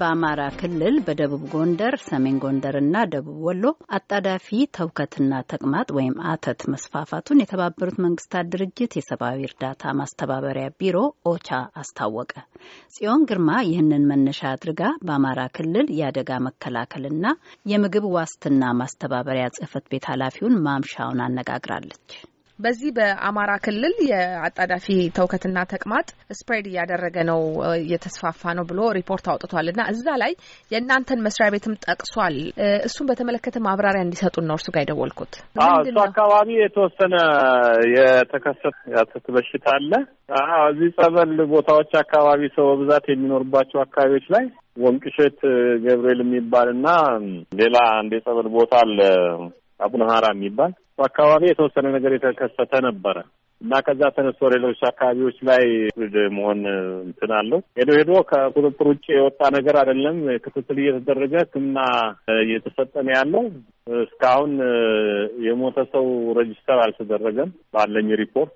በአማራ ክልል በደቡብ ጎንደር፣ ሰሜን ጎንደርና ደቡብ ወሎ አጣዳፊ ተውከትና ተቅማጥ ወይም አተት መስፋፋቱን የተባበሩት መንግስታት ድርጅት የሰብአዊ እርዳታ ማስተባበሪያ ቢሮ ኦቻ አስታወቀ። ጽዮን ግርማ ይህንን መነሻ አድርጋ በአማራ ክልል የአደጋ መከላከልና የምግብ ዋስትና ማስተባበሪያ ጽህፈት ቤት ኃላፊውን ማምሻውን አነጋግራለች። በዚህ በአማራ ክልል የአጣዳፊ ተውከትና ተቅማጥ ስፕሬድ እያደረገ ነው እየተስፋፋ ነው ብሎ ሪፖርት አውጥቷል እና እዛ ላይ የእናንተን መስሪያ ቤትም ጠቅሷል። እሱን በተመለከተ ማብራሪያ እንዲሰጡን ነው እርሱ ጋር የደወልኩት። እሱ አካባቢ የተወሰነ የተከሰተ በሽታ አለ። እዚህ ጸበል ቦታዎች አካባቢ ሰው በብዛት የሚኖርባቸው አካባቢዎች ላይ ወንቅሸት ገብርኤል የሚባል እና ሌላ እንደ ጸበል ቦታ አለ አቡነ ሀራ የሚባል አካባቢ የተወሰነ ነገር የተከሰተ ነበረ እና ከዛ ተነስቶ ሌሎች አካባቢዎች ላይ መሆን እንትን አለው። ሄዶ ሄዶ ከቁጥጥር ውጭ የወጣ ነገር አይደለም። ክትትል እየተደረገ ሕክምና እየተሰጠ ነው ያለው። እስካሁን የሞተ ሰው ሬጂስተር አልተደረገም። ባለኝ ሪፖርት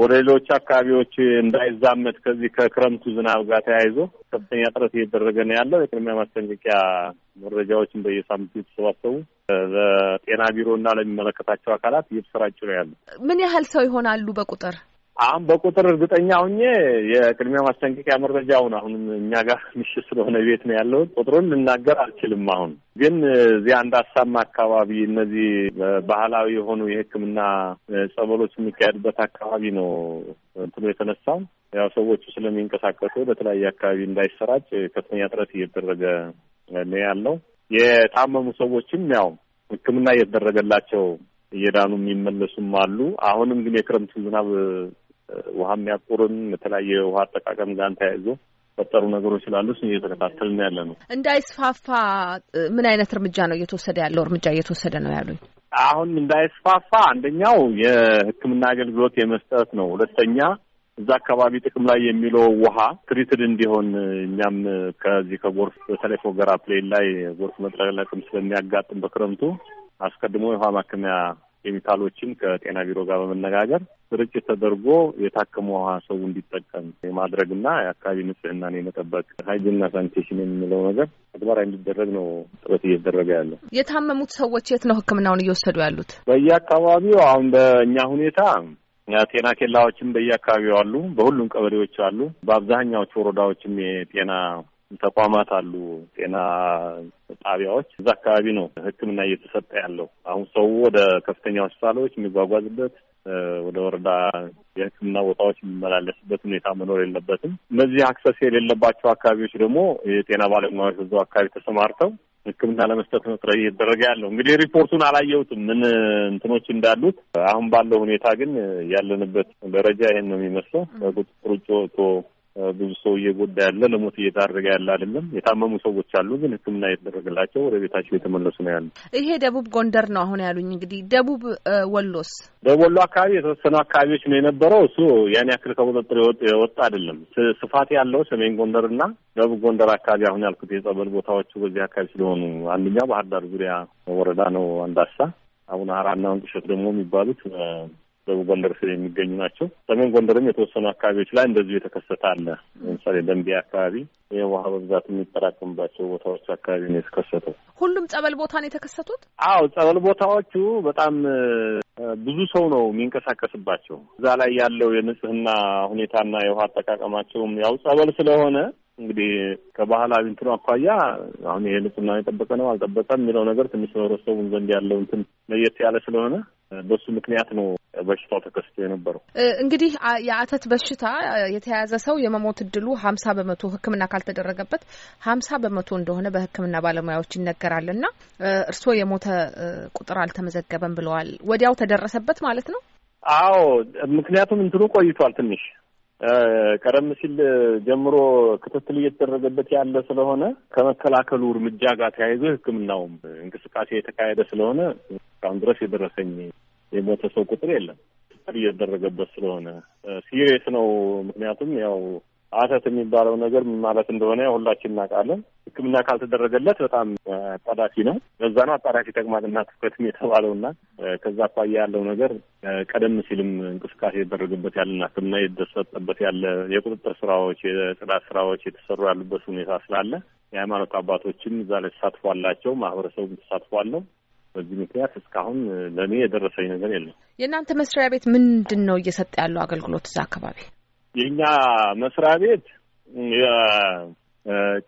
ወደ ሌሎች አካባቢዎች እንዳይዛመት ከዚህ ከክረምቱ ዝናብ ጋር ተያይዞ ከፍተኛ ጥረት እየተደረገ ነው ያለው። የቅድሚያ ማስጠንቀቂያ መረጃዎችን በየሳምንቱ የተሰባሰቡ ለጤና ቢሮ እና ለሚመለከታቸው አካላት እየተሰራጩ ነው ያሉ። ምን ያህል ሰው ይሆናሉ በቁጥር? አሁን በቁጥር እርግጠኛ ሁኜ የቅድሚያ ማስጠንቀቂያ መረጃው ነው። አሁንም እኛ ጋር ምሽት ስለሆነ ቤት ነው ያለሁት ቁጥሩን ልናገር አልችልም። አሁን ግን እዚያ አሳማ አካባቢ እነዚህ ባህላዊ የሆኑ የሕክምና ጸበሎች የሚካሄድበት አካባቢ ነው እንትኑ የተነሳው። ያው ሰዎቹ ስለሚንቀሳቀሱ በተለያየ አካባቢ እንዳይሰራጭ ከፍተኛ ጥረት እየተደረገ ነው ያለው። የታመሙ ሰዎችም ያው ሕክምና እየተደረገላቸው እየዳኑ የሚመለሱም አሉ። አሁንም ግን የክረምቱ ዝናብ ውሃ የሚያቆርም የተለያየ ውሃ አጠቃቀም ጋር ተያይዞ ፈጠሩ ነገሮች ስላሉ ስ እየተከታተልን ያለ ነው። እንዳይስፋፋ ምን አይነት እርምጃ ነው እየተወሰደ ያለው? እርምጃ እየተወሰደ ነው ያሉኝ። አሁን እንዳይስፋፋ አንደኛው የሕክምና አገልግሎት የመስጠት ነው። ሁለተኛ እዛ አካባቢ ጥቅም ላይ የሚለው ውሃ ትሪትድ እንዲሆን እኛም ከዚህ ከጎርፍ በተለይ ፎገራ ፕሌን ላይ ጎርፍ መጥለቅለቅም ስለሚያጋጥም በክረምቱ አስቀድሞ የውሃ ማከሚያ ኬሚካሎችን ከጤና ቢሮ ጋር በመነጋገር ስርጭት ተደርጎ የታከመ ውሃ ሰው እንዲጠቀም የማድረግና የአካባቢ ንጽህናን የመጠበቅ ሀይጅንና ሳኒቴሽን የምንለው ነገር ተግባራዊ እንዲደረግ ነው ጥረት እየተደረገ ያለ። የታመሙት ሰዎች የት ነው ህክምናውን እየወሰዱ ያሉት? በየአካባቢው አሁን በእኛ ሁኔታ ጤና ኬላዎችም በየአካባቢው አሉ። በሁሉም ቀበሌዎች አሉ። በአብዛኛዎቹ ወረዳዎችም የጤና ተቋማት አሉ፣ ጤና ጣቢያዎች። እዛ አካባቢ ነው ሕክምና እየተሰጠ ያለው። አሁን ሰው ወደ ከፍተኛ ሆስፒታሎች የሚጓጓዝበት ወደ ወረዳ የህክምና ቦታዎች የሚመላለስበት ሁኔታ መኖር የለበትም። እነዚህ አክሰስ የሌለባቸው አካባቢዎች ደግሞ የጤና ባለሙያዎች ብዙ አካባቢ ተሰማርተው ህክምና ለመስጠት ነው ጥረት እየተደረገ ያለው። እንግዲህ ሪፖርቱን አላየሁትም ምን እንትኖች እንዳሉት። አሁን ባለው ሁኔታ ግን ያለንበት ደረጃ ይህን ነው የሚመስለው። ቁጥጥር ውጭ ወጥቶ ብዙ ሰው እየጎዳ ያለ ለሞት እየዳረገ ያለ አይደለም። የታመሙ ሰዎች አሉ፣ ግን ሕክምና እየተደረገላቸው ወደ ቤታቸው የተመለሱ ነው ያሉ። ይሄ ደቡብ ጎንደር ነው አሁን ያሉኝ። እንግዲህ ደቡብ ወሎስ? ደቡብ ወሎ አካባቢ የተወሰኑ አካባቢዎች ነው የነበረው። እሱ ያን ያክል ከቁጥጥር የወጣ አይደለም። ስፋት ያለው ሰሜን ጎንደር እና ደቡብ ጎንደር አካባቢ አሁን ያልኩት የጸበል ቦታዎቹ በዚህ አካባቢ ስለሆኑ አንደኛው ባህር ዳር ዙሪያ ወረዳ ነው አንዳሳ፣ አቡነ ሀራና ወንቅሸት ደግሞ የሚባሉት ደቡብ ጎንደር ስር የሚገኙ ናቸው። ሰሜን ጎንደርም የተወሰኑ አካባቢዎች ላይ እንደዚሁ የተከሰተ አለ። ለምሳሌ ደንቢያ አካባቢ የውሃ በብዛት የሚጠራቀምባቸው ቦታዎች አካባቢ ነው የተከሰተው። ሁሉም ጸበል ቦታ ነው የተከሰቱት? አዎ ጸበል ቦታዎቹ በጣም ብዙ ሰው ነው የሚንቀሳቀስባቸው። እዛ ላይ ያለው የንጽህና ሁኔታና የውሃ አጠቃቀማቸውም ያው ጸበል ስለሆነ እንግዲህ ከባህላዊ እንትኑ አኳያ አሁን ይሄ ንጽህና የጠበቀ ነው አልጠበቀም የሚለው ነገር ትንሽ በህብረተሰቡን ዘንድ ያለው እንትን ለየት ያለ ስለሆነ በሱ ምክንያት ነው በሽታው ተከስቶ የነበረው። እንግዲህ የአተት በሽታ የተያዘ ሰው የመሞት እድሉ ሀምሳ በመቶ ሕክምና ካልተደረገበት ሀምሳ በመቶ እንደሆነ በሕክምና ባለሙያዎች ይነገራል። እና እርስዎ የሞተ ቁጥር አልተመዘገበም ብለዋል። ወዲያው ተደረሰበት ማለት ነው? አዎ፣ ምክንያቱም እንትኑ ቆይቷል ትንሽ ቀደም ሲል ጀምሮ ክትትል እየተደረገበት ያለ ስለሆነ ከመከላከሉ እርምጃ ጋር ተያይዞ ህክምናውም እንቅስቃሴ የተካሄደ ስለሆነ እስካሁን ድረስ የደረሰኝ የሞተ ሰው ቁጥር የለም። እየተደረገበት ስለሆነ ሲሪየስ ነው። ምክንያቱም ያው አተት የሚባለው ነገር ማለት እንደሆነ ሁላችን እናውቃለን። ሕክምና ካልተደረገለት በጣም አጣዳፊ ነው። በዛ ነው አጣዳፊ ተቅማጥና ትኩረትም የተባለውና ከዛ አኳያ ያለው ነገር ቀደም ሲልም እንቅስቃሴ የተደረገበት ያለና ሕክምና የተሰጠበት ያለ የቁጥጥር ስራዎች፣ የጽዳት ስራዎች የተሰሩ ያሉበት ሁኔታ ስላለ የሃይማኖት አባቶችም እዛ ላይ ተሳትፎ አላቸው። ማህበረሰቡም ተሳትፎ አለው። በዚህ ምክንያት እስካሁን ለእኔ የደረሰኝ ነገር የለም። የእናንተ መስሪያ ቤት ምንድን ነው እየሰጠ ያለው አገልግሎት እዛ አካባቢ? የእኛ መስሪያ ቤት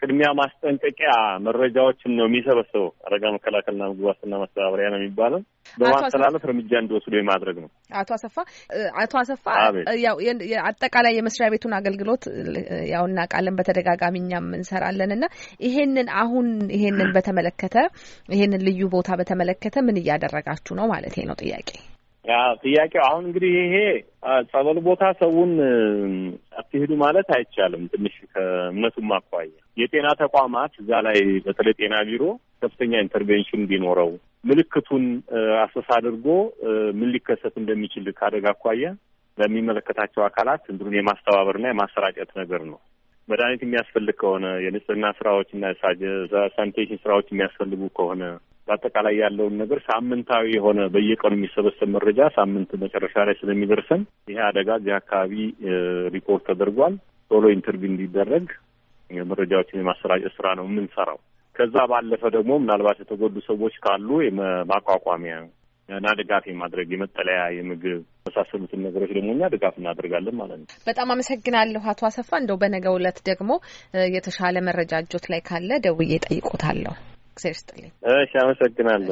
ቅድሚያ ማስጠንቀቂያ መረጃዎችን ነው የሚሰበስበው። አደጋ መከላከልና ምግብ ዋስትና ማስተባበሪያ ነው የሚባለው። በማስተላለፍ እርምጃ እንዲወስዱ የማድረግ ነው። አቶ አሰፋ አቶ አሰፋ ያው አጠቃላይ የመስሪያ ቤቱን አገልግሎት ያው እናውቃለን፣ በተደጋጋሚ እኛም እንሰራለን እና ይሄንን አሁን ይሄንን በተመለከተ ይሄንን ልዩ ቦታ በተመለከተ ምን እያደረጋችሁ ነው ማለት ነው ጥያቄ ያ ጥያቄው አሁን እንግዲህ ይሄ ጸበል ቦታ ሰውን አትሄዱ ማለት አይቻልም። ትንሽ ከእምነቱም አኳያ የጤና ተቋማት እዛ ላይ በተለይ ጤና ቢሮ ከፍተኛ ኢንተርቬንሽን ቢኖረው ምልክቱን አሰሳ አድርጎ ምን ሊከሰት እንደሚችል ካደጋ አኳያ ለሚመለከታቸው አካላት እንትኑን የማስተባበርና የማሰራጨት ነገር ነው። መድኃኒት የሚያስፈልግ ከሆነ የንጽህና ስራዎች ሳኒቴሽን ስራዎች የሚያስፈልጉ ከሆነ በአጠቃላይ ያለውን ነገር ሳምንታዊ የሆነ በየቀኑ የሚሰበሰብ መረጃ ሳምንት መጨረሻ ላይ ስለሚደርሰን ይሄ አደጋ እዚህ አካባቢ ሪፖርት ተደርጓል፣ ቶሎ ኢንተርቪው እንዲደረግ መረጃዎችን የማሰራጨት ስራ ነው የምንሰራው። ከዛ ባለፈ ደግሞ ምናልባት የተጎዱ ሰዎች ካሉ ማቋቋሚያ እና ድጋፍ የማድረግ የመጠለያ፣ የምግብ መሳሰሉትን ነገሮች ደግሞ እኛ ድጋፍ እናደርጋለን ማለት ነው። በጣም አመሰግናለሁ አቶ አሰፋ። እንደው በነገ ዕለት ደግሞ የተሻለ መረጃ እጆት ላይ ካለ ደውዬ ጠይቆታለሁ። እግዜር ይስጥልኝ። እሺ፣ አመሰግናለሁ።